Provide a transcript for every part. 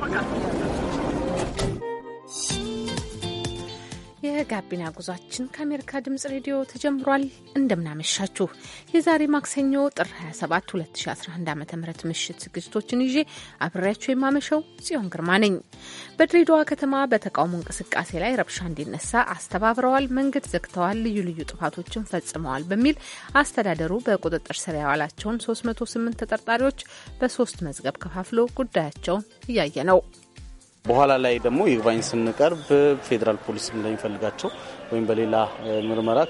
Calma, cara. የጋቢና ጉዟችን ከአሜሪካ ድምጽ ሬዲዮ ተጀምሯል። እንደምናመሻችሁ የዛሬ ማክሰኞ ጥር 27 2011 ዓ ም ምሽት ዝግጅቶችን ይዤ አብሬያችሁ የማመሸው ጽዮን ግርማ ነኝ። በድሬዳዋ ከተማ በተቃውሞ እንቅስቃሴ ላይ ረብሻ እንዲነሳ አስተባብረዋል፣ መንገድ ዘግተዋል፣ ልዩ ልዩ ጥፋቶችን ፈጽመዋል በሚል አስተዳደሩ በቁጥጥር ስር ያዋላቸውን 308 ተጠርጣሪዎች በሶስት መዝገብ ከፋፍሎ ጉዳያቸውን እያየ ነው። በኋላ ላይ ደግሞ ይግባኝ ስንቀርብ ፌዴራል ፖሊስ እንደሚፈልጋቸው ወይም በሌላ ምርመራ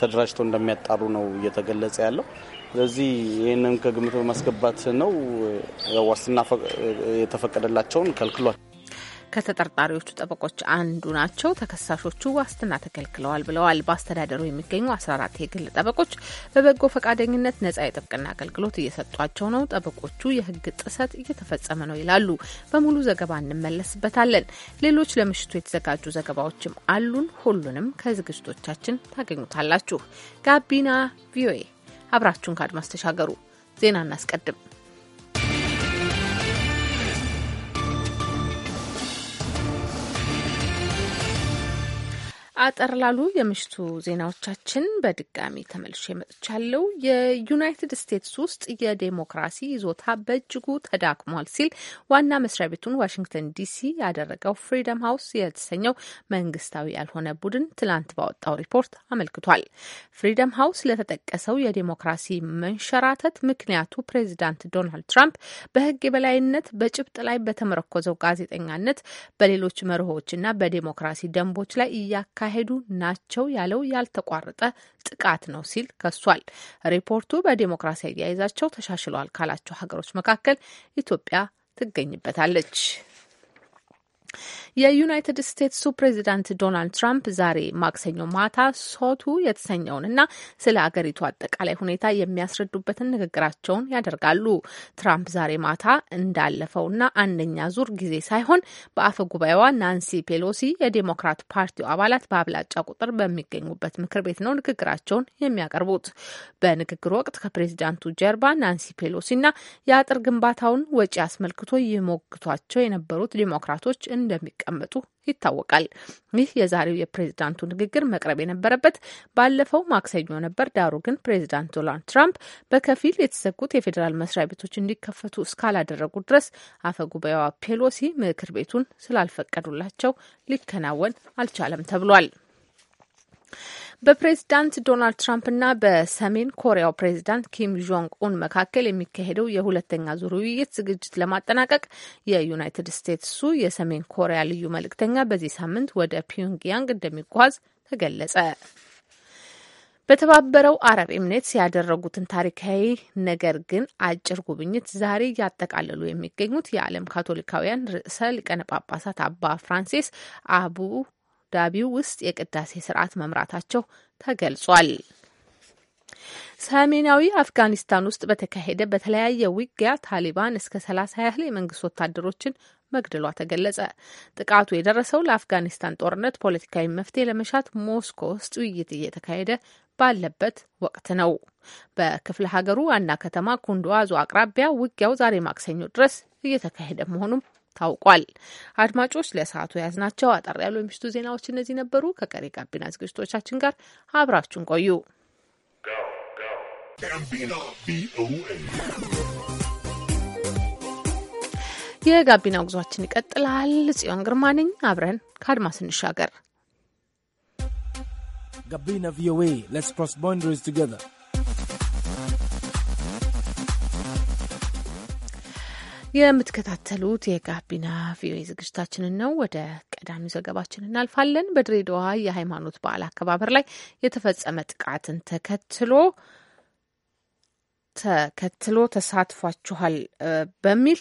ተደራጅቶ እንደሚያጣሩ ነው እየተገለጸ ያለው። ስለዚህ ይህንም ከግምት በማስገባት ነው ዋስትና የተፈቀደላቸውን ከልክሏል። ከተጠርጣሪዎቹ ጠበቆች አንዱ ናቸው። ተከሳሾቹ ዋስትና ተከልክለዋል ብለዋል። በአስተዳደሩ የሚገኙ 14 የግል ጠበቆች በበጎ ፈቃደኝነት ነጻ የጥብቅና አገልግሎት እየሰጧቸው ነው። ጠበቆቹ የህግ ጥሰት እየተፈጸመ ነው ይላሉ። በሙሉ ዘገባ እንመለስበታለን። ሌሎች ለምሽቱ የተዘጋጁ ዘገባዎችም አሉን። ሁሉንም ከዝግጅቶቻችን ታገኙታላችሁ። ጋቢና ቪኦኤ አብራችሁን ከአድማስ ተሻገሩ። ዜና እናስቀድም። አጠር ላሉ የምሽቱ ዜናዎቻችን በድጋሚ ተመልሼ መጥቻለሁ። የዩናይትድ ስቴትስ ውስጥ የዴሞክራሲ ይዞታ በእጅጉ ተዳክሟል ሲል ዋና መስሪያ ቤቱን ዋሽንግተን ዲሲ ያደረገው ፍሪደም ሀውስ የተሰኘው መንግስታዊ ያልሆነ ቡድን ትላንት ባወጣው ሪፖርት አመልክቷል። ፍሪደም ሀውስ ለተጠቀሰው የዴሞክራሲ መንሸራተት ምክንያቱ ፕሬዚዳንት ዶናልድ ትራምፕ በህግ የበላይነት በጭብጥ ላይ በተመረኮዘው ጋዜጠኛነት በሌሎች መርሆችና በዴሞክራሲ ደንቦች ላይ እያካሄ እያካሄዱ ናቸው ያለው ያልተቋረጠ ጥቃት ነው ሲል ከሷል። ሪፖርቱ በዴሞክራሲ አያይዛቸው ተሻሽለዋል ካላቸው ሀገሮች መካከል ኢትዮጵያ ትገኝበታለች። የዩናይትድ ስቴትሱ ፕሬዚዳንት ዶናልድ ትራምፕ ዛሬ ማክሰኞ ማታ ሶቱ የተሰኘውንና ስለ አገሪቱ አጠቃላይ ሁኔታ የሚያስረዱበትን ንግግራቸውን ያደርጋሉ። ትራምፕ ዛሬ ማታ እንዳለፈውና አንደኛ ዙር ጊዜ ሳይሆን በአፈ ጉባኤዋ ናንሲ ፔሎሲ የዴሞክራት ፓርቲው አባላት በአብላጫ ቁጥር በሚገኙበት ምክር ቤት ነው ንግግራቸውን የሚያቀርቡት። በንግግር ወቅት ከፕሬዚዳንቱ ጀርባ ናንሲ ፔሎሲና የአጥር ግንባታውን ወጪ አስመልክቶ ይሞግቷቸው የነበሩት ዴሞክራቶች እንደሚቀመጡ ይታወቃል። ይህ የዛሬው የፕሬዚዳንቱ ንግግር መቅረብ የነበረበት ባለፈው ማክሰኞ ነበር። ዳሩ ግን ፕሬዚዳንት ዶናልድ ትራምፕ በከፊል የተዘጉት የፌዴራል መስሪያ ቤቶች እንዲከፈቱ እስካላደረጉ ድረስ አፈ ጉባኤዋ ፔሎሲ ምክር ቤቱን ስላልፈቀዱላቸው ሊከናወን አልቻለም ተብሏል። በፕሬዝዳንት ዶናልድ ትራምፕና በሰሜን ኮሪያው ፕሬዝዳንት ኪም ጆንግ ኡን መካከል የሚካሄደው የሁለተኛ ዙር ውይይት ዝግጅት ለማጠናቀቅ የዩናይትድ ስቴትሱ የሰሜን ኮሪያ ልዩ መልእክተኛ በዚህ ሳምንት ወደ ፒዮንግያንግ እንደሚጓዝ ተገለጸ። በተባበረው አረብ ኤምሬትስ ያደረጉትን ታሪካዊ ነገር ግን አጭር ጉብኝት ዛሬ እያጠቃለሉ የሚገኙት የዓለም ካቶሊካውያን ርዕሰ ሊቀነ ጳጳሳት አባ ፍራንሲስ አቡ አቡዳቢው ውስጥ የቅዳሴ ስርዓት መምራታቸው ተገልጿል። ሰሜናዊ አፍጋኒስታን ውስጥ በተካሄደ በተለያየ ውጊያ ታሊባን እስከ ሰላሳ ያህል የመንግስት ወታደሮችን መግደሏ ተገለጸ። ጥቃቱ የደረሰው ለአፍጋኒስታን ጦርነት ፖለቲካዊ መፍትሄ ለመሻት ሞስኮ ውስጥ ውይይት እየተካሄደ ባለበት ወቅት ነው። በክፍለ ሀገሩ ዋና ከተማ ኩንዶዋዞ አቅራቢያ ውጊያው ዛሬ ማክሰኞ ድረስ እየተካሄደ መሆኑም ታውቋል። አድማጮች ለሰዓቱ የያዝናቸው አጠር ያሉ የምሽቱ ዜናዎች እነዚህ ነበሩ። ከቀሪ ጋቢና ዝግጅቶቻችን ጋር አብራችሁን ቆዩ። የጋቢና ጉዟችን ይቀጥላል። ጽዮን ግርማ ነኝ። አብረን ከአድማስ እንሻገር። ጋቢና ቪኦኤ ሌትስ ክሮስ ባውንደሪስ ቱጌዘር የምትከታተሉት የጋቢና ቪኦኤ ዝግጅታችንን ነው። ወደ ቀዳሚው ዘገባችን እናልፋለን። በድሬዳዋ የሃይማኖት በዓል አከባበር ላይ የተፈጸመ ጥቃትን ተከትሎ ተከትሎ ተሳትፏችኋል በሚል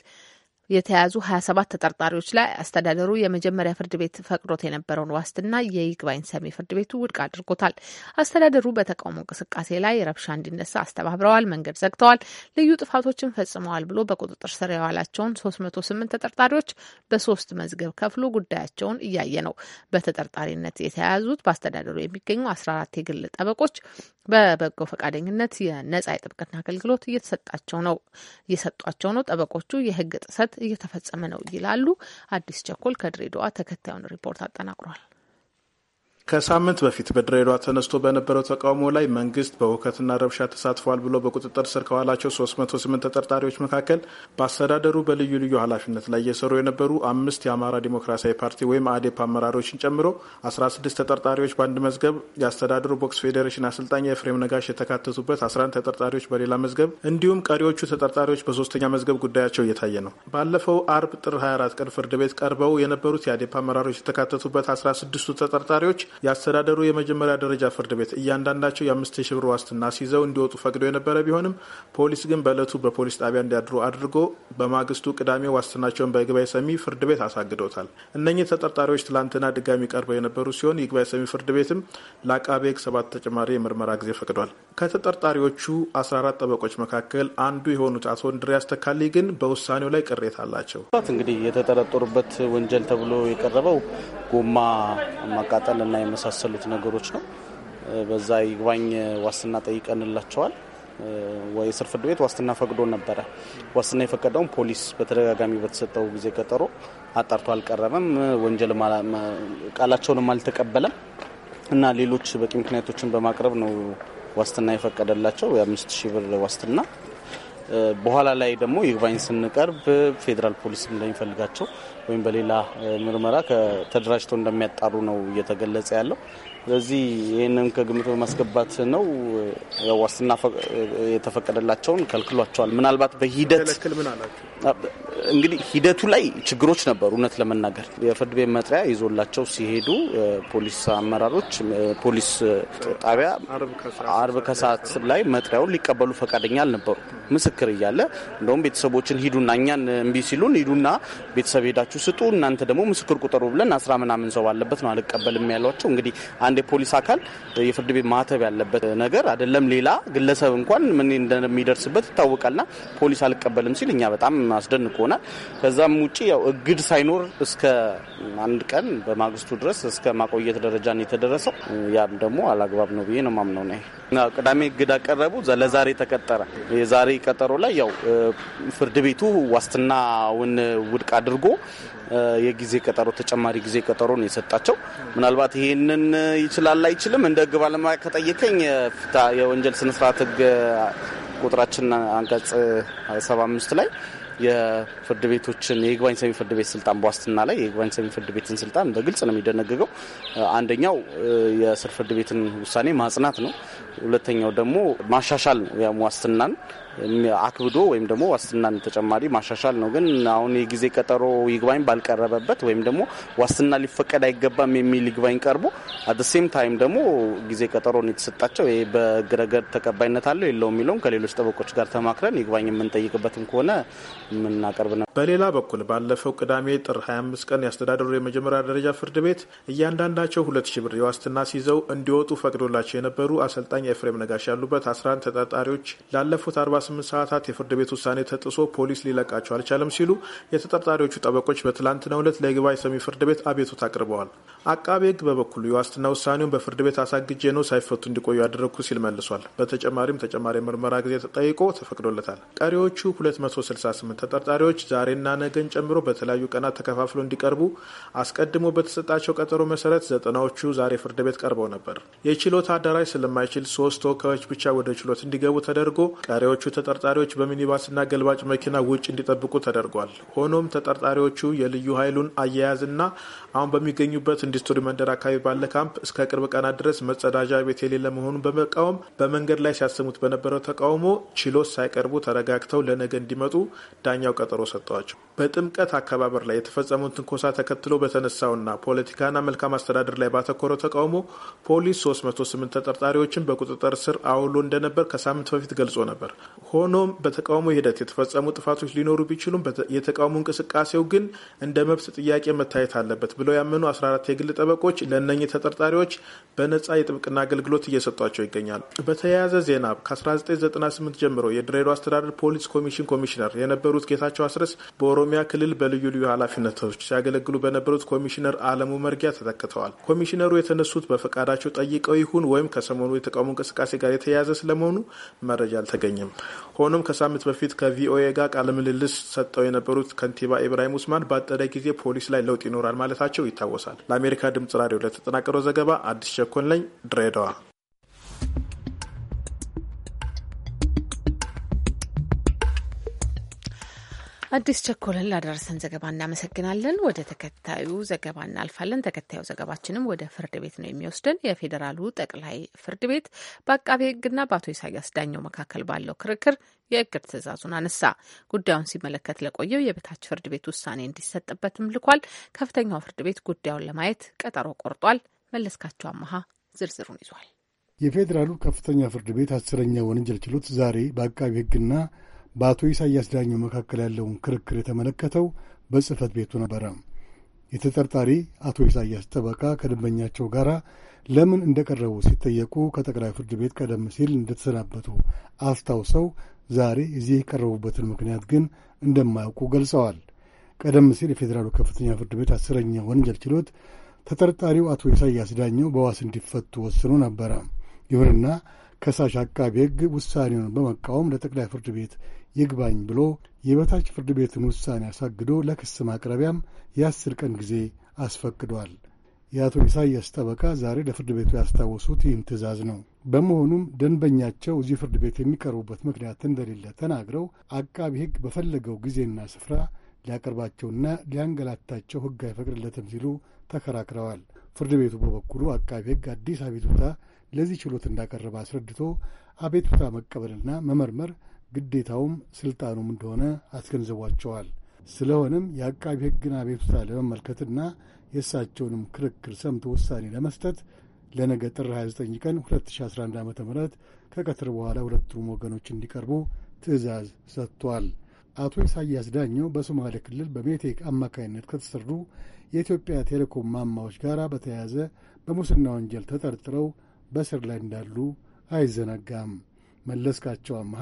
የተያዙ 27 ተጠርጣሪዎች ላይ አስተዳደሩ የመጀመሪያ ፍርድ ቤት ፈቅዶት የነበረውን ዋስትና የይግባኝ ሰሚ ፍርድ ቤቱ ውድቅ አድርጎታል። አስተዳደሩ በተቃውሞ እንቅስቃሴ ላይ ረብሻ እንዲነሳ አስተባብረዋል፣ መንገድ ዘግተዋል፣ ልዩ ጥፋቶችን ፈጽመዋል ብሎ በቁጥጥር ስር የዋላቸውን 308 ተጠርጣሪዎች በሶስት መዝገብ ከፍሎ ጉዳያቸውን እያየ ነው። በተጠርጣሪነት የተያያዙት በአስተዳደሩ የሚገኙ 14 የግል ጠበቆች በበጎ ፈቃደኝነት የነጻ የጥብቅና አገልግሎት እየተሰጣቸው ነው እየሰጧቸው ነው። ጠበቆቹ የህግ ጥሰት እየተፈጸመ ነው ይላሉ። አዲስ ቸኮል ከድሬዳዋ ተከታዩን ሪፖርት አጠናቅሯል። ከሳምንት በፊት በድሬዳዋ ተነስቶ በነበረው ተቃውሞ ላይ መንግስት በውከትና ረብሻ ተሳትፏል ብሎ በቁጥጥር ስር ከዋላቸው 308 ተጠርጣሪዎች መካከል በአስተዳደሩ በልዩ ልዩ ኃላፊነት ላይ እየሰሩ የነበሩ አምስት የአማራ ዲሞክራሲያዊ ፓርቲ ወይም አዴፕ አመራሮችን ጨምሮ 16 ተጠርጣሪዎች በአንድ መዝገብ፣ የአስተዳደሩ ቦክስ ፌዴሬሽን አሰልጣኝ የፍሬም ነጋሽ የተካተቱበት 11 ተጠርጣሪዎች በሌላ መዝገብ፣ እንዲሁም ቀሪዎቹ ተጠርጣሪዎች በሶስተኛ መዝገብ ጉዳያቸው እየታየ ነው። ባለፈው አርብ ጥር 24 ቀን ፍርድ ቤት ቀርበው የነበሩት የአዴፕ አመራሮች የተካተቱበት 16ቱ ተጠርጣሪዎች የአስተዳደሩ የመጀመሪያ ደረጃ ፍርድ ቤት እያንዳንዳቸው የአምስት ሺህ ብር ዋስትና ሲይዘው እንዲወጡ ፈቅዶ የነበረ ቢሆንም ፖሊስ ግን በእለቱ በፖሊስ ጣቢያ እንዲያድሩ አድርጎ በማግስቱ ቅዳሜ ዋስትናቸውን በይግባኝ ሰሚ ፍርድ ቤት አሳግዶታል። እነኚህ ተጠርጣሪዎች ትላንትና ድጋሚ ቀርበው የነበሩ ሲሆን ይግባኝ ሰሚ ፍርድ ቤትም ለአቃቤ ሕግ ሰባት ተጨማሪ የምርመራ ጊዜ ፈቅዷል። ከተጠርጣሪዎቹ 14 ጠበቆች መካከል አንዱ የሆኑት አቶ እንድሪያስ ተካልኝ ግን በውሳኔው ላይ ቅሬታ አላቸው። እንግዲህ የተጠረጠሩበት ወንጀል ተብሎ የቀረበው ጎማ ማቃጠልና የመሳሰሉት ነገሮች ነው። በዛ ይግባኝ ዋስትና ጠይቀንላቸዋል። የስር ፍርድ ቤት ዋስትና ፈቅዶ ነበረ። ዋስትና የፈቀደውን ፖሊስ በተደጋጋሚ በተሰጠው ጊዜ ቀጠሮ አጣርቶ አልቀረበም፣ ወንጀል ቃላቸውንም አልተቀበለም እና ሌሎች በቂ ምክንያቶችን በማቅረብ ነው ዋስትና የፈቀደላቸው የአምስት ሺህ ብር ዋስትና በኋላ ላይ ደግሞ ይግባኝ ስንቀርብ ፌዴራል ፖሊስ እንደሚፈልጋቸው ወይም በሌላ ምርመራ ተደራጅቶ እንደሚያጣሩ ነው እየተገለጸ ያለው። ስለዚህ ይህንን ከግምት በማስገባት ነው ዋስትና የተፈቀደላቸውን ከልክሏቸዋል። ምናልባት በሂደት እንግዲህ ሂደቱ ላይ ችግሮች ነበሩ። እውነት ለመናገር የፍርድ ቤት መጥሪያ ይዞላቸው ሲሄዱ ፖሊስ አመራሮች ፖሊስ ጣቢያ አርብ ከሰዓት ላይ መጥሪያውን ሊቀበሉ ፈቃደኛ አልነበሩ። ምስክር እያለ እንደውም ቤተሰቦችን ሂዱና እኛን እምቢ ሲሉን ሂዱና ቤተሰብ ሄዳችሁ ብላችሁ ስጡ፣ እናንተ ደግሞ ምስክር ቁጠሩ ብለን አስራ ምናምን ሰው አለበት ነው አልቀበልም ያሏቸው። እንግዲህ አንድ የፖሊስ አካል የፍርድ ቤት ማተብ ያለበት ነገር አይደለም። ሌላ ግለሰብ እንኳን ምን እንደሚደርስበት ይታወቃልና ፖሊስ አልቀበልም ሲል እኛ በጣም አስደንቆናል። ከዛም ውጭ ያው እግድ ሳይኖር እስከ አንድ ቀን በማግስቱ ድረስ እስከ ማቆየት ደረጃ ነው የተደረሰው። ያም ደግሞ አላግባብ ነው ብዬ ነው ማምነው ነው። ቅዳሜ እግድ አቀረቡ፣ ለዛሬ ተቀጠረ። የዛሬ ቀጠሮ ላይ ያው ፍርድ ቤቱ ዋስትናውን ውድቅ አድርጎ የጊዜ ቀጠሮ ተጨማሪ ጊዜ ቀጠሮ ነው የሰጣቸው። ምናልባት ይህንን ይችላል አይችልም እንደ ሕግ ባለሙያ ከጠየቀኝ የወንጀል ስነስርዓት ህግ ቁጥራችን አንቀጽ 75 ላይ የፍርድ ቤቶችን የይግባኝ ሰሚ ፍርድ ቤት ስልጣን በዋስትና ላይ የይግባኝ ሰሚ ፍርድ ቤትን ስልጣን በግልጽ ነው የሚደነግገው። አንደኛው የስር ፍርድ ቤትን ውሳኔ ማጽናት ነው። ሁለተኛው ደግሞ ማሻሻል ነው። ያም ዋስትናን አክብዶ ወይም ደግሞ ዋስትናን ተጨማሪ ማሻሻል ነው። ግን አሁን የጊዜ ቀጠሮ ይግባኝ ባልቀረበበት ወይም ደግሞ ዋስትና ሊፈቀድ አይገባም የሚል ይግባኝ ቀርቦ አት ሴም ታይም ደግሞ ጊዜ ቀጠሮን የተሰጣቸው ይሄ ረገድ ተቀባይነት አለው የለውም የሚለውም ከሌሎች ጠበቆች ጋር ተማክረን ይግባኝ የምንጠይቅበትም ከሆነ የምናቀርብ ነው። በሌላ በኩል ባለፈው ቅዳሜ ጥር 25 ቀን ያስተዳደሩ የመጀመሪያ ደረጃ ፍርድ ቤት እያንዳንዳቸው ሁለት ሺ ብር የዋስትና ሲይዘው እንዲወጡ ፈቅዶላቸው የነበሩ አሰልጣኝ ኤፍሬም ነጋሽ ያሉበት 11 ተጠርጣሪዎች ላለፉት ለ48 ሰዓታት የፍርድ ቤት ውሳኔ ተጥሶ ፖሊስ ሊለቃቸው አልቻለም ሲሉ የተጠርጣሪዎቹ ጠበቆች በትላንትናው ዕለት ለይግባኝ ሰሚ ፍርድ ቤት አቤቱታ አቅርበዋል። አቃቤ ሕግ በበኩሉ የዋስትና ውሳኔውን በፍርድ ቤት አሳግጄ ነው ሳይፈቱ እንዲቆዩ ያደረግኩ ሲል መልሷል። በተጨማሪም ተጨማሪ ምርመራ ጊዜ ተጠይቆ ተፈቅዶለታል። ቀሪዎቹ 268 ተጠርጣሪዎች ዛሬና ነገን ጨምሮ በተለያዩ ቀናት ተከፋፍሎ እንዲቀርቡ አስቀድሞ በተሰጣቸው ቀጠሮ መሰረት ዘጠናዎቹ ዛሬ ፍርድ ቤት ቀርበው ነበር። የችሎት አዳራሽ ስለማይችል ሶስት ተወካዮች ብቻ ወደ ችሎት እንዲገቡ ተደርጎ ቀሪዎቹ ተጠርጣሪዎች በሚኒባስና ገልባጭ መኪና ውጭ እንዲጠብቁ ተደርጓል። ሆኖም ተጠርጣሪዎቹ የልዩ ኃይሉን አያያዝና አሁን በሚገኙበት ኢንዱስትሪ መንደር አካባቢ ባለ ካምፕ እስከ ቅርብ ቀናት ድረስ መጸዳጃ ቤት የሌለ መሆኑን በመቃወም በመንገድ ላይ ሲያሰሙት በነበረው ተቃውሞ ችሎት ሳይቀርቡ ተረጋግተው ለነገ እንዲመጡ ዳኛው ቀጠሮ ሰጠዋቸው። በጥምቀት አከባበር ላይ የተፈጸመውን ትንኮሳ ተከትሎ በተነሳውና ፖለቲካና መልካም አስተዳደር ላይ ባተኮረው ተቃውሞ ፖሊስ 308 ተጠርጣሪዎችን በቁጥጥር ስር አውሎ እንደነበር ከሳምንት በፊት ገልጾ ነበር። ሆኖም በተቃውሞ ሂደት የተፈጸሙ ጥፋቶች ሊኖሩ ቢችሉም የተቃውሞ እንቅስቃሴው ግን እንደ መብት ጥያቄ መታየት አለበት ብለው ያመኑ 14 የግል ጠበቆች ለእነኚህ ተጠርጣሪዎች በነጻ የጥብቅና አገልግሎት እየሰጧቸው ይገኛሉ። በተያያዘ ዜና ከ1998 ጀምሮ የድሬዳዋ አስተዳደር ፖሊስ ኮሚሽን ኮሚሽነር የነበሩት ጌታቸው አስረስ በኦሮሚያ ክልል በልዩ ልዩ ኃላፊነቶች ሲያገለግሉ በነበሩት ኮሚሽነር አለሙ መርጊያ ተተክተዋል። ኮሚሽነሩ የተነሱት በፈቃዳቸው ጠይቀው ይሁን ወይም ከሰሞኑ የተቃውሞ እንቅስቃሴ ጋር የተያያዘ ስለመሆኑ መረጃ አልተገኘም። ሆኖም ከሳምንት በፊት ከቪኦኤ ጋር ቃለምልልስ ሰጠው የነበሩት ከንቲባ ኢብራሂም ውስማን ባጠረ ጊዜ ፖሊስ ላይ ለውጥ ይኖራል ማለታቸው ይታወሳል። ለአሜሪካ ድምጽ ራዲዮ ለተጠናቀረው ዘገባ አዲስ ሸኮን ለኝ ድሬዳዋ አዲስ ቸኮልን ላደረሰን ዘገባ እናመሰግናለን። ወደ ተከታዩ ዘገባ እናልፋለን። ተከታዩ ዘገባችንም ወደ ፍርድ ቤት ነው የሚወስደን። የፌዴራሉ ጠቅላይ ፍርድ ቤት በአቃቤ ሕግና በአቶ ኢሳያስ ዳኘው መካከል ባለው ክርክር የእግድ ትዕዛዙን አነሳ። ጉዳዩን ሲመለከት ለቆየው የበታች ፍርድ ቤት ውሳኔ እንዲሰጥበትም ልኳል። ከፍተኛው ፍርድ ቤት ጉዳዩን ለማየት ቀጠሮ ቆርጧል። መለስካቸው አመሃ ዝርዝሩን ይዟል። የፌዴራሉ ከፍተኛ ፍርድ ቤት አስረኛ ወንጀል ችሎት ዛሬ በአቃቢ ህግና በአቶ ኢሳያስ ዳኘው መካከል ያለውን ክርክር የተመለከተው በጽህፈት ቤቱ ነበረ። የተጠርጣሪ አቶ ኢሳያስ ጠበቃ ከደንበኛቸው ጋር ለምን እንደቀረቡ ሲጠየቁ ከጠቅላይ ፍርድ ቤት ቀደም ሲል እንደተሰናበቱ አስታውሰው ዛሬ እዚህ የቀረቡበትን ምክንያት ግን እንደማያውቁ ገልጸዋል። ቀደም ሲል የፌዴራሉ ከፍተኛ ፍርድ ቤት አስረኛ ወንጀል ችሎት ተጠርጣሪው አቶ ኢሳያስ ዳኘው በዋስ እንዲፈቱ ወስኖ ነበረ። ይሁንና ከሳሽ አቃቢ ሕግ ውሳኔውን በመቃወም ለጠቅላይ ፍርድ ቤት ይግባኝ ብሎ የበታች ፍርድ ቤትን ውሳኔ አሳግዶ ለክስ ማቅረቢያም የአስር ቀን ጊዜ አስፈቅዷል። የአቶ ኢሳያስ ጠበቃ ዛሬ ለፍርድ ቤቱ ያስታወሱት ይህን ትዕዛዝ ነው። በመሆኑም ደንበኛቸው እዚህ ፍርድ ቤት የሚቀርቡበት ምክንያት እንደሌለ ተናግረው አቃቢ ሕግ በፈለገው ጊዜና ስፍራ ሊያቀርባቸውና ሊያንገላታቸው ሕግ አይፈቅድለትም ሲሉ ተከራክረዋል። ፍርድ ቤቱ በበኩሉ አቃቢ ሕግ አዲስ አቤቱታ ለዚህ ችሎት እንዳቀረበ አስረድቶ አቤቱታ መቀበልና መመርመር ግዴታውም ስልጣኑም እንደሆነ አስገንዝቧቸዋል። ስለሆነም የአቃቢ ሕግን አቤቱታ ለመመልከትና የእሳቸውንም ክርክር ሰምቶ ውሳኔ ለመስጠት ለነገ ጥር 29 ቀን 2011 ዓ ም ከቀትር በኋላ ሁለቱም ወገኖች እንዲቀርቡ ትዕዛዝ ሰጥቷል። አቶ ኢሳያስ ዳኘው በሶማሌ ክልል በሜቴክ አማካኝነት ከተሰሩ የኢትዮጵያ ቴሌኮም ማማዎች ጋር በተያያዘ በሙስና ወንጀል ተጠርጥረው በስር ላይ እንዳሉ አይዘነጋም። መለስካቸው አምሃ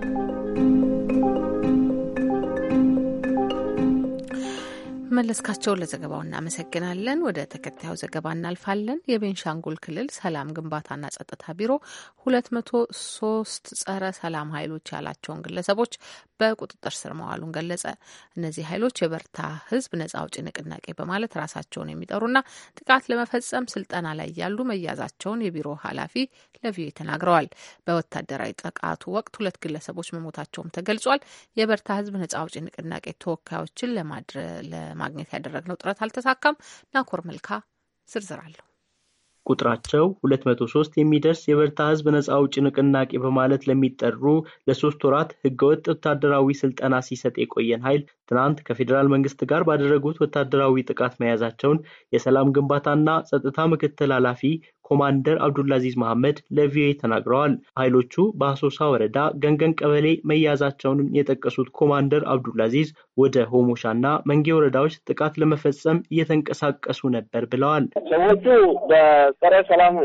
መለስካቸው ለዘገባው እናመሰግናለን። ወደ ተከታዩ ዘገባ እናልፋለን። የቤንሻንጉል ክልል ሰላም ግንባታና ጸጥታ ቢሮ ሁለት መቶ ሶስት ጸረ ሰላም ኃይሎች ያላቸውን ግለሰቦች በቁጥጥር ስር መዋሉን ገለጸ። እነዚህ ኃይሎች የበርታ ህዝብ ነጻ አውጪ ንቅናቄ በማለት ራሳቸውን የሚጠሩና ጥቃት ለመፈጸም ስልጠና ላይ ያሉ መያዛቸውን የቢሮ ኃላፊ ለቪኦኤ ተናግረዋል። በወታደራዊ ጥቃቱ ወቅት ሁለት ግለሰቦች መሞታቸውም ተገልጿል። የበርታ ህዝብ ነጻ አውጪ ንቅናቄ ተወካዮችን ለማድረ ለማግኘት ያደረግነው ጥረት አልተሳካም። ናኮር መልካ ዝርዝር አለሁ። ቁጥራቸው 203 የሚደርስ የበርታ ህዝብ ነጻ አውጪ ንቅናቄ በማለት ለሚጠሩ ለሶስት ወራት ህገወጥ ወታደራዊ ስልጠና ሲሰጥ የቆየን ኃይል ትናንት ከፌዴራል መንግስት ጋር ባደረጉት ወታደራዊ ጥቃት መያዛቸውን የሰላም ግንባታና ጸጥታ ምክትል ኃላፊ ኮማንደር አብዱላዚዝ መሐመድ ለቪኦኤ ተናግረዋል። ኃይሎቹ በአሶሳ ወረዳ ገንገን ቀበሌ መያዛቸውን የጠቀሱት ኮማንደር አብዱላዚዝ ወደ ሆሞሻና መንጌ ወረዳዎች ጥቃት ለመፈጸም እየተንቀሳቀሱ ነበር ብለዋል። ሰዎቹ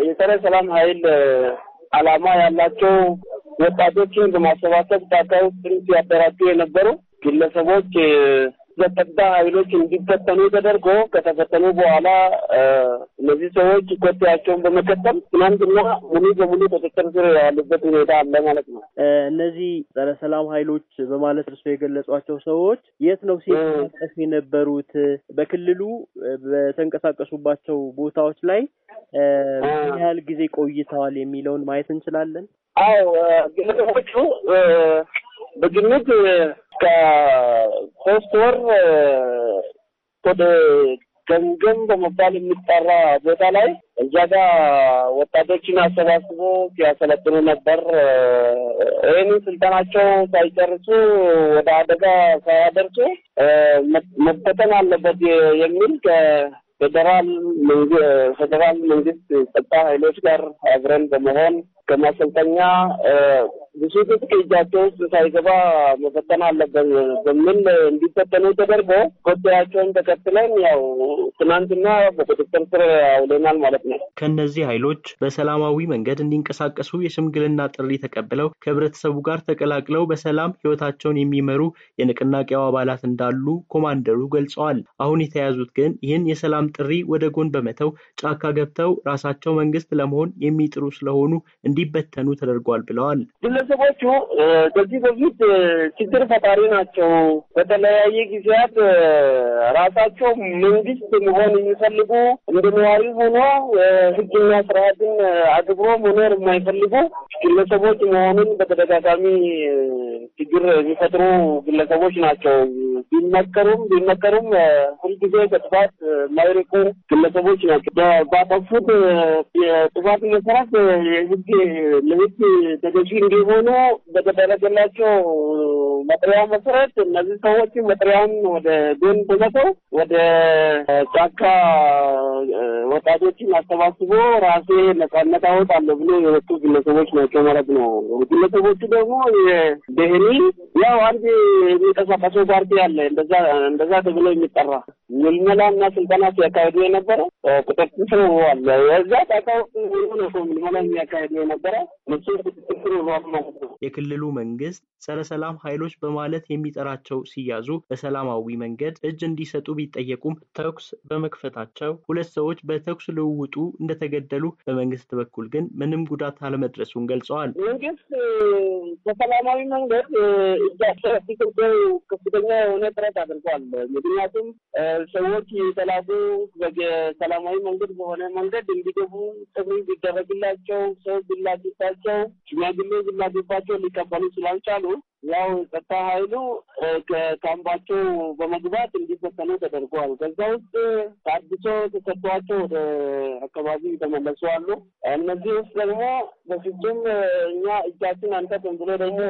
የጸረ ሰላም ኃይል ዓላማ ያላቸው ወጣቶችን በማሰባሰብ ታካ ውስጥ ሲያደራጁ የነበሩ ግለሰቦች በጸጥታ ኃይሎች እንዲፈተኑ ተደርጎ ከተፈተኑ በኋላ እነዚህ ሰዎች ኮቴያቸውን በመከተል ትናንትና ሙሉ በሙሉ ቁጥጥር ስር ያሉበት ሁኔታ አለ ማለት ነው። እነዚህ ጸረ ሰላም ኃይሎች በማለት እርሶ የገለጿቸው ሰዎች የት ነው ሲንቀሳቀሱ የነበሩት? በክልሉ በተንቀሳቀሱባቸው ቦታዎች ላይ ምን ያህል ጊዜ ቆይተዋል የሚለውን ማየት እንችላለን? አዎ ግለሰቦቹ በግምት ከሶስት ወር ወደ ገምገም በመባል የሚጠራ ቦታ ላይ እዛ ጋር ወጣቶችን አሰባስቦ ሲያሰለጥኑ ነበር። ይህንን ስልጠናቸው ሳይጨርሱ ወደ አደጋ ሳያደርሱ መፈተን አለበት የሚል ከፌደራል ፌደራል መንግስት ጸጥታ ኃይሎች ጋር አብረን በመሆን ከማሰልጠኛ ብዙ ትጥቅ እጃቸው ውስጥ ሳይገባ መፈተን አለበት በሚል እንዲፈተኑ ተደርጎ ኮቴያቸውን ተከትለን ያው ትናንትና በቁጥጥር ስር አውለናል ማለት ነው። ከእነዚህ ኃይሎች በሰላማዊ መንገድ እንዲንቀሳቀሱ የሽምግልና ጥሪ ተቀብለው ከህብረተሰቡ ጋር ተቀላቅለው በሰላም ህይወታቸውን የሚመሩ የንቅናቄው አባላት እንዳሉ ኮማንደሩ ገልጸዋል። አሁን የተያዙት ግን ይህን የሰላም ጥሪ ወደ ጎን በመተው ጫካ ገብተው ራሳቸው መንግስት ለመሆን የሚጥሩ ስለሆኑ እንዲበተኑ ተደርጓል ብለዋል። ግለሰቦቹ በዚህ በፊት ችግር ፈጣሪ ናቸው። በተለያየ ጊዜያት ራሳቸው መንግስት መሆን የሚፈልጉ እንደ ነዋሪ ሆኖ ህግና ስርዓትን አግብሮ መኖር የማይፈልጉ ግለሰቦች መሆኑን በተደጋጋሚ ችግር የሚፈጥሩ ግለሰቦች ናቸው። ቢመከሩም ቢመከሩም ሁልጊዜ በጥፋት የማይርቁ ግለሰቦች ናቸው። ባጠፉት የጥፋት መሰረት የህግ ለህግ ተገዢ እንዲሆኑ በተደረገላቸው መጥሪያው መሰረት እነዚህ ሰዎች መጥሪያውን ወደ ጎን በመተው ወደ ጫካ ወጣቶችን አሰባስቦ ራሴ ነጻነት አወጣለሁ ብሎ የወጡ ግለሰቦች ናቸው ማለት ነው። ግለሰቦቹ ደግሞ የደህኒ ያው አንድ የሚንቀሳቀሰው ፓርቲ አለ እንደዛ ተብሎ የሚጠራ ምልመላ እና ስልጠና ሲያካሂዱ የነበረ ቁጥጥር ስር ውሏል። እዛ ጫካ ውስጥ ነው ምልመላ የሚያካሂዱ የነበረ కదా మెచ్యూరిటీ తీసుకుని የክልሉ መንግስት ጸረ ሰላም ኃይሎች በማለት የሚጠራቸው ሲያዙ በሰላማዊ መንገድ እጅ እንዲሰጡ ቢጠየቁም ተኩስ በመክፈታቸው ሁለት ሰዎች በተኩስ ልውውጡ እንደተገደሉ፣ በመንግስት በኩል ግን ምንም ጉዳት አለመድረሱን ገልጸዋል። መንግስት በሰላማዊ መንገድ እጃቸው ከፍተኛ የሆነ ጥረት አድርጓል። ምክንያቱም ሰዎች የተላኩ በሰላማዊ መንገድ በሆነ መንገድ እንዲገቡ ጥሪ ቢደረግላቸው ሰው ቢላግባቸው ሽማግሌ ቢላግባቸው ሰርቶ ሊቀበሉ ስላልቻሉ ያው ጸጥታ ኃይሉ ከካምባቸው በመግባት እንዲበተኑ ተደርጓል። ከዛ ውስጥ ታድሶ ተሰጥቷቸው ወደ አካባቢ የተመለሱ አሉ። እነዚህ ውስጥ ደግሞ በፊቱም እኛ እጃችን አንጠጥም ብሎ ደግሞ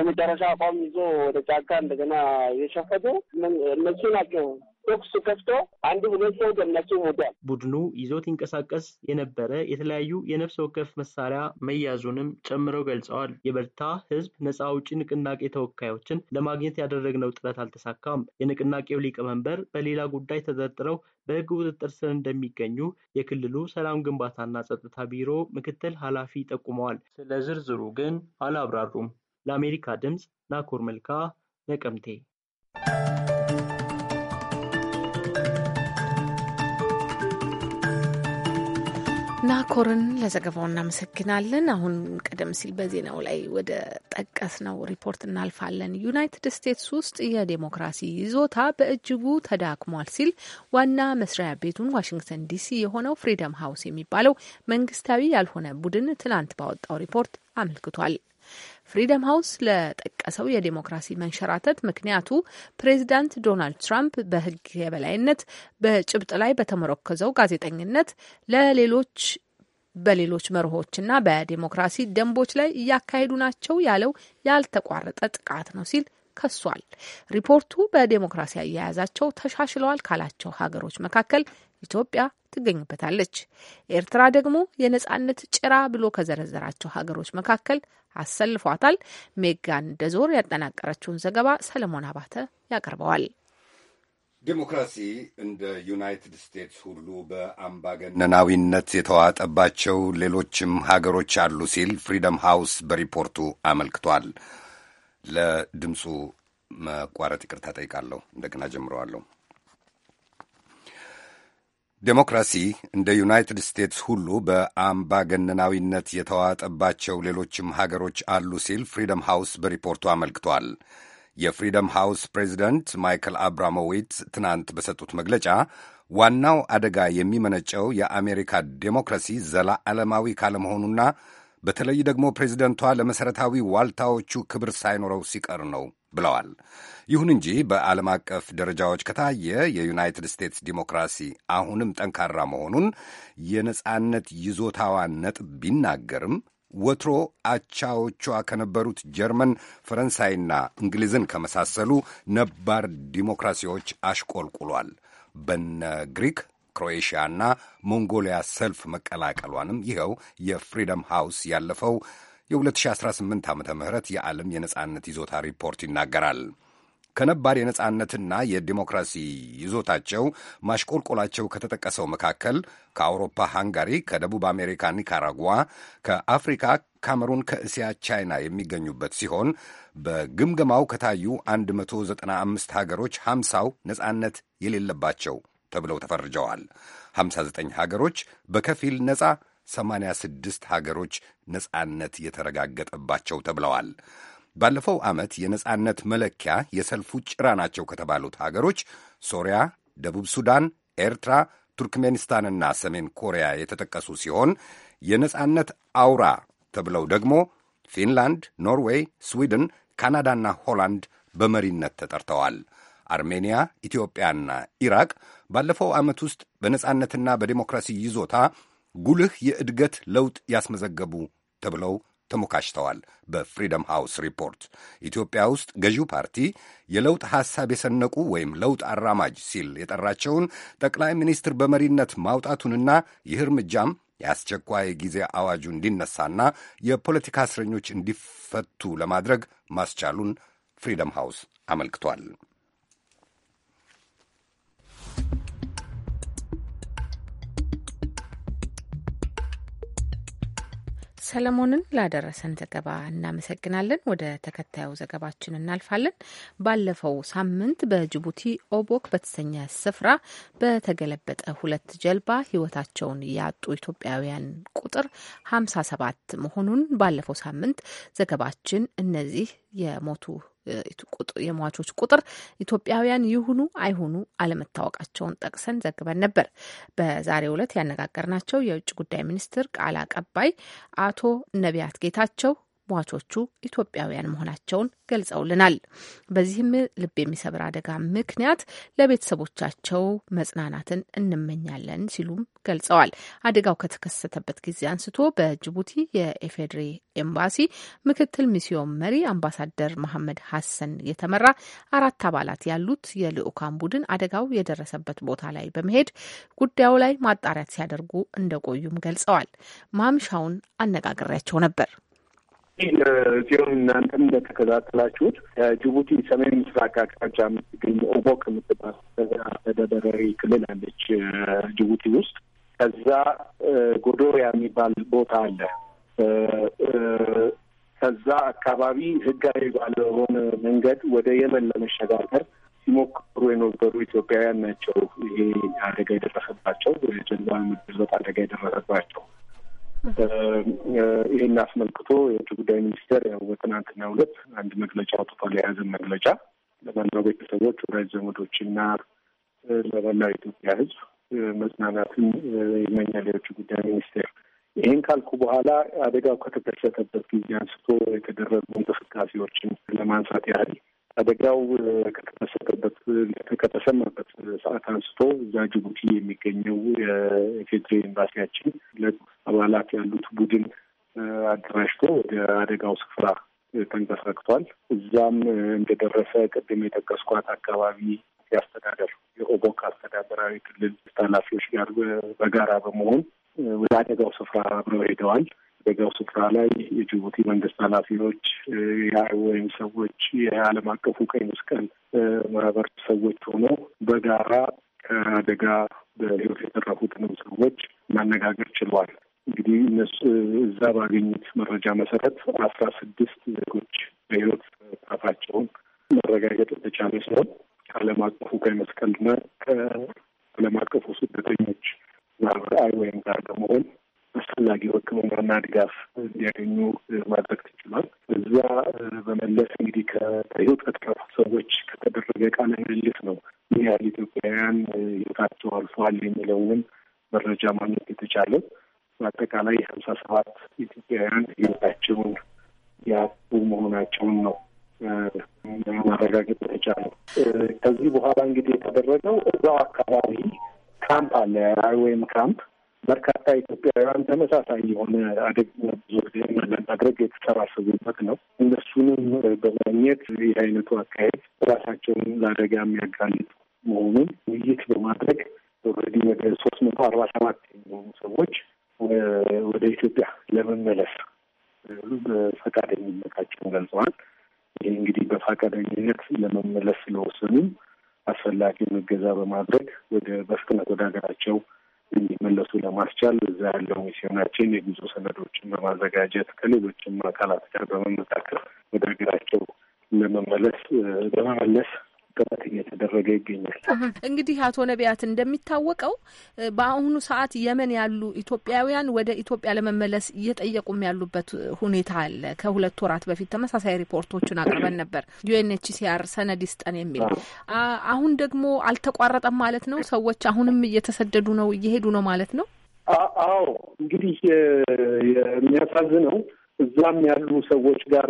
የመጨረሻ አቋም ይዞ ወደ ጫካ እንደገና የሸፈቱ እነሱ ናቸው። ተኩስ ከፍቶ አንድ ሁለት ሰው ገነሱ ሞቷል። ቡድኑ ይዞት ይንቀሳቀስ የነበረ የተለያዩ የነፍስ ወከፍ መሳሪያ መያዙንም ጨምረው ገልጸዋል። የበርታ ህዝብ ነፃ አውጪ ንቅናቄ ተወካዮችን ለማግኘት ያደረግነው ጥረት አልተሳካም። የንቅናቄው ሊቀመንበር በሌላ ጉዳይ ተጠርጥረው በህግ ቁጥጥር ስር እንደሚገኙ የክልሉ ሰላም ግንባታና ጸጥታ ቢሮ ምክትል ኃላፊ ጠቁመዋል። ስለ ዝርዝሩ ግን አላብራሩም። ለአሜሪካ ድምፅ ናኮር መልካ ነቀምቴ ኮርን ለዘገባው እናመሰግናለን። አሁን ቀደም ሲል በዜናው ላይ ወደ ጠቀስ ነው ሪፖርት እናልፋለን። ዩናይትድ ስቴትስ ውስጥ የዴሞክራሲ ይዞታ በእጅጉ ተዳክሟል ሲል ዋና መስሪያ ቤቱን ዋሽንግተን ዲሲ የሆነው ፍሪደም ሀውስ የሚባለው መንግስታዊ ያልሆነ ቡድን ትናንት ባወጣው ሪፖርት አመልክቷል። ፍሪደም ሀውስ ለጠቀሰው የዴሞክራሲ መንሸራተት ምክንያቱ ፕሬዚዳንት ዶናልድ ትራምፕ በሕግ የበላይነት በጭብጥ ላይ በተመረኮዘው ጋዜጠኝነት ለሌሎች በሌሎች መርሆችና በዲሞክራሲ ደንቦች ላይ እያካሄዱ ናቸው ያለው ያልተቋረጠ ጥቃት ነው ሲል ከሷል። ሪፖርቱ በዴሞክራሲ አያያዛቸው ተሻሽለዋል ካላቸው ሀገሮች መካከል ኢትዮጵያ ትገኝበታለች። ኤርትራ ደግሞ የነጻነት ጭራ ብሎ ከዘረዘራቸው ሀገሮች መካከል አሰልፏታል። ሜጋን ደዞር ያጠናቀረችውን ዘገባ ሰለሞን አባተ ያቀርበዋል። ዴሞክራሲ እንደ ዩናይትድ ስቴትስ ሁሉ በአምባገነናዊነት የተዋጠባቸው ሌሎችም ሀገሮች አሉ ሲል ፍሪደም ሃውስ በሪፖርቱ አመልክቷል። ለድምፁ መቋረጥ ይቅርታ ጠይቃለሁ። እንደገና ጀምረዋለሁ። ዴሞክራሲ እንደ ዩናይትድ ስቴትስ ሁሉ በአምባገነናዊነት የተዋጠባቸው ሌሎችም ሀገሮች አሉ ሲል ፍሪደም ሃውስ በሪፖርቱ አመልክቷል። የፍሪደም ሃውስ ፕሬዚደንት ማይክል አብራሞዊት ትናንት በሰጡት መግለጫ ዋናው አደጋ የሚመነጨው የአሜሪካ ዴሞክራሲ ዓለማዊ ካለመሆኑና በተለይ ደግሞ ፕሬዚደንቷ ለመሠረታዊ ዋልታዎቹ ክብር ሳይኖረው ሲቀር ነው ብለዋል። ይሁን እንጂ በዓለም አቀፍ ደረጃዎች ከታየ የዩናይትድ ስቴትስ ዲሞክራሲ አሁንም ጠንካራ መሆኑን የነጻነት ይዞታዋ ነጥብ ቢናገርም ወትሮ አቻዎቿ ከነበሩት ጀርመን፣ ፈረንሳይና እንግሊዝን ከመሳሰሉ ነባር ዲሞክራሲዎች አሽቆልቁሏል። በነ ግሪክ ክሮኤሽያና ሞንጎሊያ ሰልፍ መቀላቀሏንም ይኸው የፍሪደም ሃውስ ያለፈው የ2018 ዓ ም የዓለም የነጻነት ይዞታ ሪፖርት ይናገራል። ከነባር የነጻነትና የዲሞክራሲ ይዞታቸው ማሽቆልቆላቸው ከተጠቀሰው መካከል ከአውሮፓ ሃንጋሪ፣ ከደቡብ አሜሪካ ኒካራጓ፣ ከአፍሪካ ካሜሩን፣ ከእስያ ቻይና የሚገኙበት ሲሆን በግምገማው ከታዩ 195 ሀገሮች 50ው ነጻነት የሌለባቸው ተብለው ተፈርጀዋል። 59 ሀገሮች በከፊል ነጻ፣ 86 ሀገሮች ነጻነት የተረጋገጠባቸው ተብለዋል። ባለፈው ዓመት የነጻነት መለኪያ የሰልፉ ጭራ ናቸው ከተባሉት ሀገሮች ሶሪያ፣ ደቡብ ሱዳን፣ ኤርትራ፣ ቱርክሜኒስታንና ሰሜን ኮሪያ የተጠቀሱ ሲሆን የነጻነት አውራ ተብለው ደግሞ ፊንላንድ፣ ኖርዌይ፣ ስዊድን፣ ካናዳና ሆላንድ በመሪነት ተጠርተዋል። አርሜንያ፣ ኢትዮጵያና ኢራቅ ባለፈው ዓመት ውስጥ በነጻነትና በዲሞክራሲ ይዞታ ጉልህ የእድገት ለውጥ ያስመዘገቡ ተብለው ተሞካሽተዋል። በፍሪደም ሃውስ ሪፖርት ኢትዮጵያ ውስጥ ገዢው ፓርቲ የለውጥ ሐሳብ የሰነቁ ወይም ለውጥ አራማጅ ሲል የጠራቸውን ጠቅላይ ሚኒስትር በመሪነት ማውጣቱንና ይህ እርምጃም የአስቸኳይ ጊዜ አዋጁ እንዲነሳና የፖለቲካ እስረኞች እንዲፈቱ ለማድረግ ማስቻሉን ፍሪደም ሃውስ አመልክቷል። ሰለሞንን ላደረሰን ዘገባ እናመሰግናለን። ወደ ተከታዩ ዘገባችን እናልፋለን። ባለፈው ሳምንት በጅቡቲ ኦቦክ በተሰኘ ስፍራ በተገለበጠ ሁለት ጀልባ ሕይወታቸውን ያጡ ኢትዮጵያውያን ቁጥር ሀምሳ ሰባት መሆኑን ባለፈው ሳምንት ዘገባችን እነዚህ የሞቱ የሟቾች ቁጥር ኢትዮጵያውያን ይሁኑ አይሁኑ አለመታወቃቸውን ጠቅሰን ዘግበን ነበር። በዛሬው ዕለት ያነጋገርናቸው የውጭ ጉዳይ ሚኒስትር ቃል አቀባይ አቶ ነቢያት ጌታቸው ሟቾቹ ኢትዮጵያውያን መሆናቸውን ገልጸውልናል። በዚህም ልብ የሚሰብር አደጋ ምክንያት ለቤተሰቦቻቸው መጽናናትን እንመኛለን ሲሉም ገልጸዋል። አደጋው ከተከሰተበት ጊዜ አንስቶ በጅቡቲ የኢፌዴሪ ኤምባሲ ምክትል ሚስዮን መሪ አምባሳደር መሐመድ ሀሰን የተመራ አራት አባላት ያሉት የልዑካን ቡድን አደጋው የደረሰበት ቦታ ላይ በመሄድ ጉዳዩ ላይ ማጣሪያት ሲያደርጉ እንደቆዩም ገልጸዋል። ማምሻውን አነጋግሬያቸው ነበር። እዚሁም እናንተም እንደተከታተላችሁት ጅቡቲ ሰሜን ምስራቅ አቅጣጫ የምትገኝ ኦቦክ የምትባል ተደራሪ ክልል አለች ጅቡቲ ውስጥ። ከዛ ጎዶሪያ የሚባል ቦታ አለ። ከዛ አካባቢ ህጋዊ ባለሆነ መንገድ ወደ የመን ለመሸጋገር ሲሞክሩ የነበሩ ኢትዮጵያውያን ናቸው ይሄ አደጋ የደረሰባቸው የጀልባ መገልበጥ አደጋ የደረሰባቸው። ይህን አስመልክቶ የውጭ ጉዳይ ሚኒስቴር ያው በትናንትና ሁለት አንድ መግለጫ አውጥቷል። የያዘን መግለጫ ለመላው ቤተሰቦች፣ ወዳጅ ዘመዶችና ለመላው ኢትዮጵያ ሕዝብ መጽናናትን ይመኛል የውጭ ጉዳይ ሚኒስቴር። ይህን ካልኩ በኋላ አደጋው ከተከሰተበት ጊዜ አንስቶ የተደረጉ እንቅስቃሴዎችን ለማንሳት ያህል አደጋው ከተከሰተበት ከተሰማበት ሰዓት አንስቶ እዛ ጅቡቲ የሚገኘው የኢፌዴሪ ኤምባሲያችን አባላት ያሉት ቡድን አደራጅቶ ወደ አደጋው ስፍራ ተንቀሳቅቷል። እዛም እንደደረሰ ቅድም የጠቀስኳት አካባቢ ያስተዳደር የኦቦክ አስተዳደራዊ ክልል ኃላፊዎች ጋር በጋራ በመሆን ወደ አደጋው ስፍራ አብረው ሄደዋል። በዚያው ስፍራ ላይ የጅቡቲ መንግስት ኃላፊዎች ወይም ሰዎች የዓለም አቀፉ ቀይ መስቀል ማህበር ሰዎች ሆኖ በጋራ ከአደጋ በህይወት የተረፉትንም ሰዎች ማነጋገር ችሏል። እንግዲህ እነሱ እዛ ባገኙት መረጃ መሰረት አስራ ስድስት ዜጎች በህይወት ጣፋቸውን መረጋገጥ የተቻለ ሲሆን ከዓለም አቀፉ ቀይ መስቀልና ከዓለም አቀፉ ስደተኞች ማህበር አይ ወይም ጋር በመሆን አስፈላጊው ሕክምናና ድጋፍ እንዲያገኙ ማድረግ ተችሏል። እዛ በመለስ እንግዲህ ከህይወት ከጠፉ ሰዎች ከተደረገ ቃለ ምልልስ ነው ምን ያህል ኢትዮጵያውያን ህይወታቸው አልፈዋል የሚለውን መረጃ ማግኘት የተቻለው። በአጠቃላይ ሀምሳ ሰባት ኢትዮጵያውያን ህይወታቸውን ያጡ መሆናቸውን ነው ማረጋገጥ የተቻለው። ከዚህ በኋላ እንግዲህ የተደረገው እዛው አካባቢ ካምፕ አለ ወይም ካምፕ በርካታ ኢትዮጵያውያን ተመሳሳይ የሆነ አደገኛ ብዙ ጊዜ ለማድረግ የተሰባሰቡበት ነው። እነሱንም በማግኘት ይህ አይነቱ አካሄድ ራሳቸውን ለአደጋ የሚያጋልጥ መሆኑን ውይይት በማድረግ ወዲህ ወደ ሶስት መቶ አርባ ሰባት የሚሆኑ ሰዎች ወደ ኢትዮጵያ ለመመለስ በፈቃደኝነታቸውን ገልጸዋል። ይህ እንግዲህ በፈቃደኝነት ለመመለስ ስለወሰኑ አስፈላጊውን እገዛ በማድረግ ወደ በፍጥነት ወደ ሀገራቸው እንዲመለሱ ለማስቻል እዛ ያለው ሚስዮናችን የጉዞ ሰነዶችን በማዘጋጀት ከሌሎችም አካላት ጋር በመመካከል ወደ ሀገራቸው ለመመለስ ለመመለስ ጥረት እየተደረገ ይገኛል። እንግዲህ አቶ ነቢያት እንደሚታወቀው በአሁኑ ሰዓት የመን ያሉ ኢትዮጵያውያን ወደ ኢትዮጵያ ለመመለስ እየጠየቁም ያሉበት ሁኔታ አለ። ከሁለት ወራት በፊት ተመሳሳይ ሪፖርቶችን አቅርበን ነበር። ዩኤንኤችሲአር ሰነድ ይስጠን የሚል አሁን ደግሞ አልተቋረጠም ማለት ነው። ሰዎች አሁንም እየተሰደዱ ነው፣ እየሄዱ ነው ማለት ነው። አዎ እንግዲህ የሚያሳዝነው እዛም ያሉ ሰዎች ጋር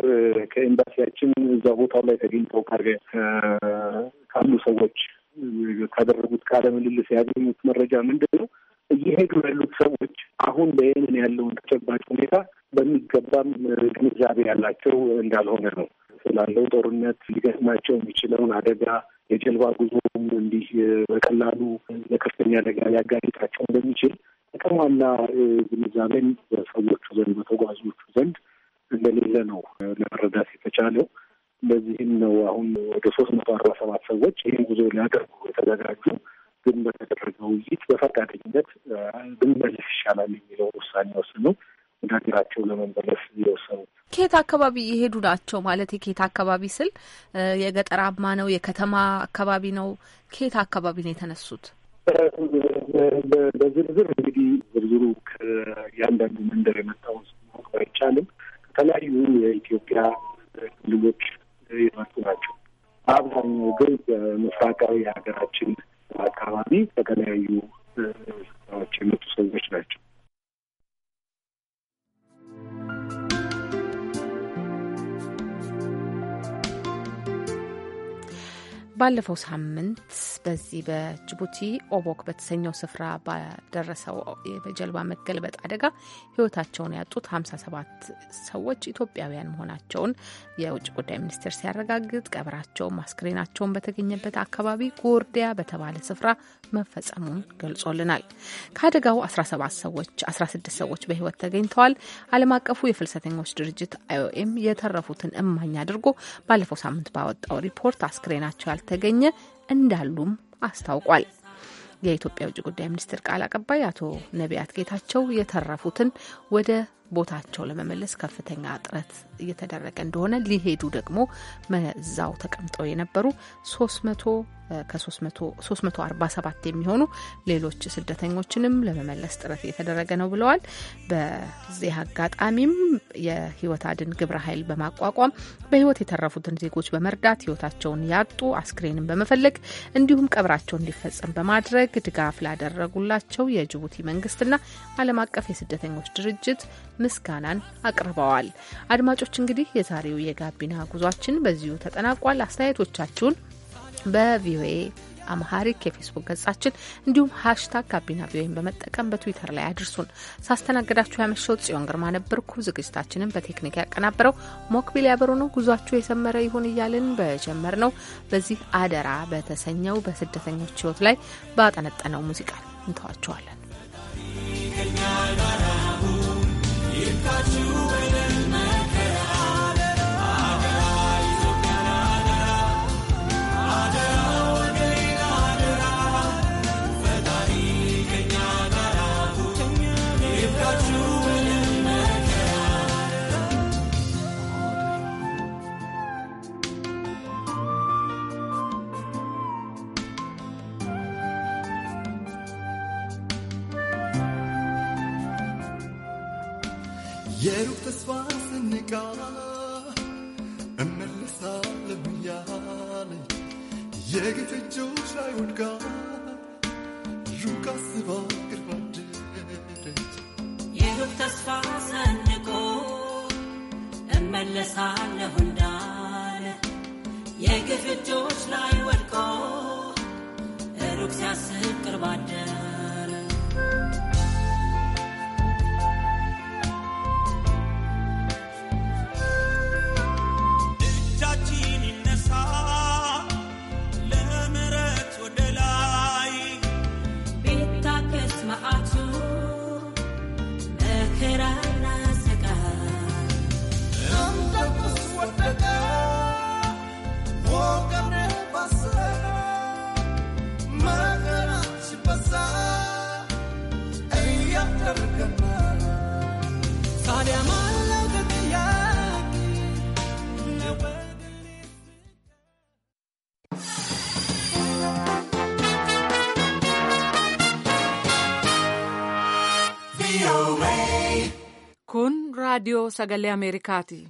ከኤምባሲያችን እዛ ቦታው ላይ ተገኝተው ካሉ ሰዎች ካደረጉት ቃለ ምልልስ ያገኙት መረጃ ምንድን ነው? እየሄዱ ያሉት ሰዎች አሁን በየመን ያለውን ተጨባጭ ሁኔታ በሚገባም ግንዛቤ ያላቸው እንዳልሆነ ነው። ስላለው ጦርነት ሊገጥማቸው የሚችለውን አደጋ የጀልባ ጉዞም እንዲህ በቀላሉ ለከፍተኛ አደጋ ሊያጋልጣቸው እንደሚችል ጠቀሟና ግንዛቤን በሰዎቹ ዘንድ በተጓዦቹ እንደሌለ ነው ለመረዳት የተቻለው። ለዚህም ነው አሁን ወደ ሶስት መቶ አርባ ሰባት ሰዎች ይህን ጉዞ ሊያደርጉ የተዘጋጁ ግን በተደረገ ውይይት በፈቃደኝነት ብንመለስ ይሻላል የሚለውን ውሳኔ ወስነው ወደ ሀገራቸው ለመመለስ የወሰኑ ከየት አካባቢ የሄዱ ናቸው? ማለት የከየት አካባቢ ስል የገጠራማ ነው፣ የከተማ አካባቢ ነው፣ ከየት አካባቢ ነው የተነሱት? በዝርዝር እንግዲህ ዝርዝሩ ከእያንዳንዱ መንደር የመጣውን ማወቅ አይቻልም። ከተለያዩ የኢትዮጵያ ክልሎች የመጡ ናቸው። በአብዛኛው ግን በምስራቃዊ የሀገራችን አካባቢ ከተለያዩ ስራዎች የመጡ ሰዎች ናቸው። ባለፈው ሳምንት በዚህ በጅቡቲ ኦቦክ በተሰኘው ስፍራ ባደረሰው በጀልባ መገልበጥ አደጋ ሕይወታቸውን ያጡት 57 ሰዎች ኢትዮጵያውያን መሆናቸውን የውጭ ጉዳይ ሚኒስቴር ሲያረጋግጥ ቀብራቸውም አስክሬናቸውን በተገኘበት አካባቢ ጎርዲያ በተባለ ስፍራ መፈጸሙን ገልጾልናል። ከአደጋው 17 ሰዎች 16 ሰዎች በሕይወት ተገኝተዋል። ዓለም አቀፉ የፍልሰተኞች ድርጅት አይኦኤም የተረፉትን እማኝ አድርጎ ባለፈው ሳምንት ባወጣው ሪፖርት አስክሬናቸው ያልተ እየተገኘ እንዳሉም አስታውቋል። የኢትዮጵያ ውጭ ጉዳይ ሚኒስትር ቃል አቀባይ አቶ ነቢያት ጌታቸው የተረፉትን ወደ ቦታቸው ለመመለስ ከፍተኛ ጥረት እየተደረገ እንደሆነ ሊሄዱ ደግሞ መዛው ተቀምጠው የነበሩ ሶስት መቶ ከ347 የሚሆኑ ሌሎች ስደተኞችንም ለመመለስ ጥረት እየተደረገ ነው ብለዋል። በዚህ አጋጣሚም የህይወት አድን ግብረ ኃይል በማቋቋም በህይወት የተረፉትን ዜጎች በመርዳት ህይወታቸውን ያጡ አስክሬንን በመፈለግ እንዲሁም ቀብራቸው እንዲፈጸም በማድረግ ድጋፍ ላደረጉላቸው የጅቡቲ መንግስትና ዓለም አቀፍ የስደተኞች ድርጅት ምስጋናን አቅርበዋል። አድማጮች እንግዲህ የዛሬው የጋቢና ጉዟችን በዚሁ ተጠናቋል። አስተያየቶቻችሁን በቪኦኤ አምሃሪክ የፌስቡክ ገጻችን እንዲሁም ሀሽታግ ጋቢና ቪኦኤን በመጠቀም በትዊተር ላይ አድርሱን። ሳስተናግዳችሁ ያመሸው ጽዮን ግርማ ነበርኩ። ዝግጅታችንን በቴክኒክ ያቀናበረው ሞክቢል ያበሩ ነው። ጉዟችሁ የሰመረ ይሁን እያልን በጀመር ነው በዚህ አደራ በተሰኘው በስደተኞች ህይወት ላይ ባጠነጠነው ሙዚቃ እንተዋችኋለን። የጌታ እጆች ላይ ወድቃ ብዙ ካስባ ቅርባ ደረች። የሩቅ ተስፋ ሰንቆ እመለሳለሁ እንዳለ የጌታ እጆች ላይ ರೇಡಿಯೋ ಸಗಲೆ ಅಮೆರಿಕಾ ti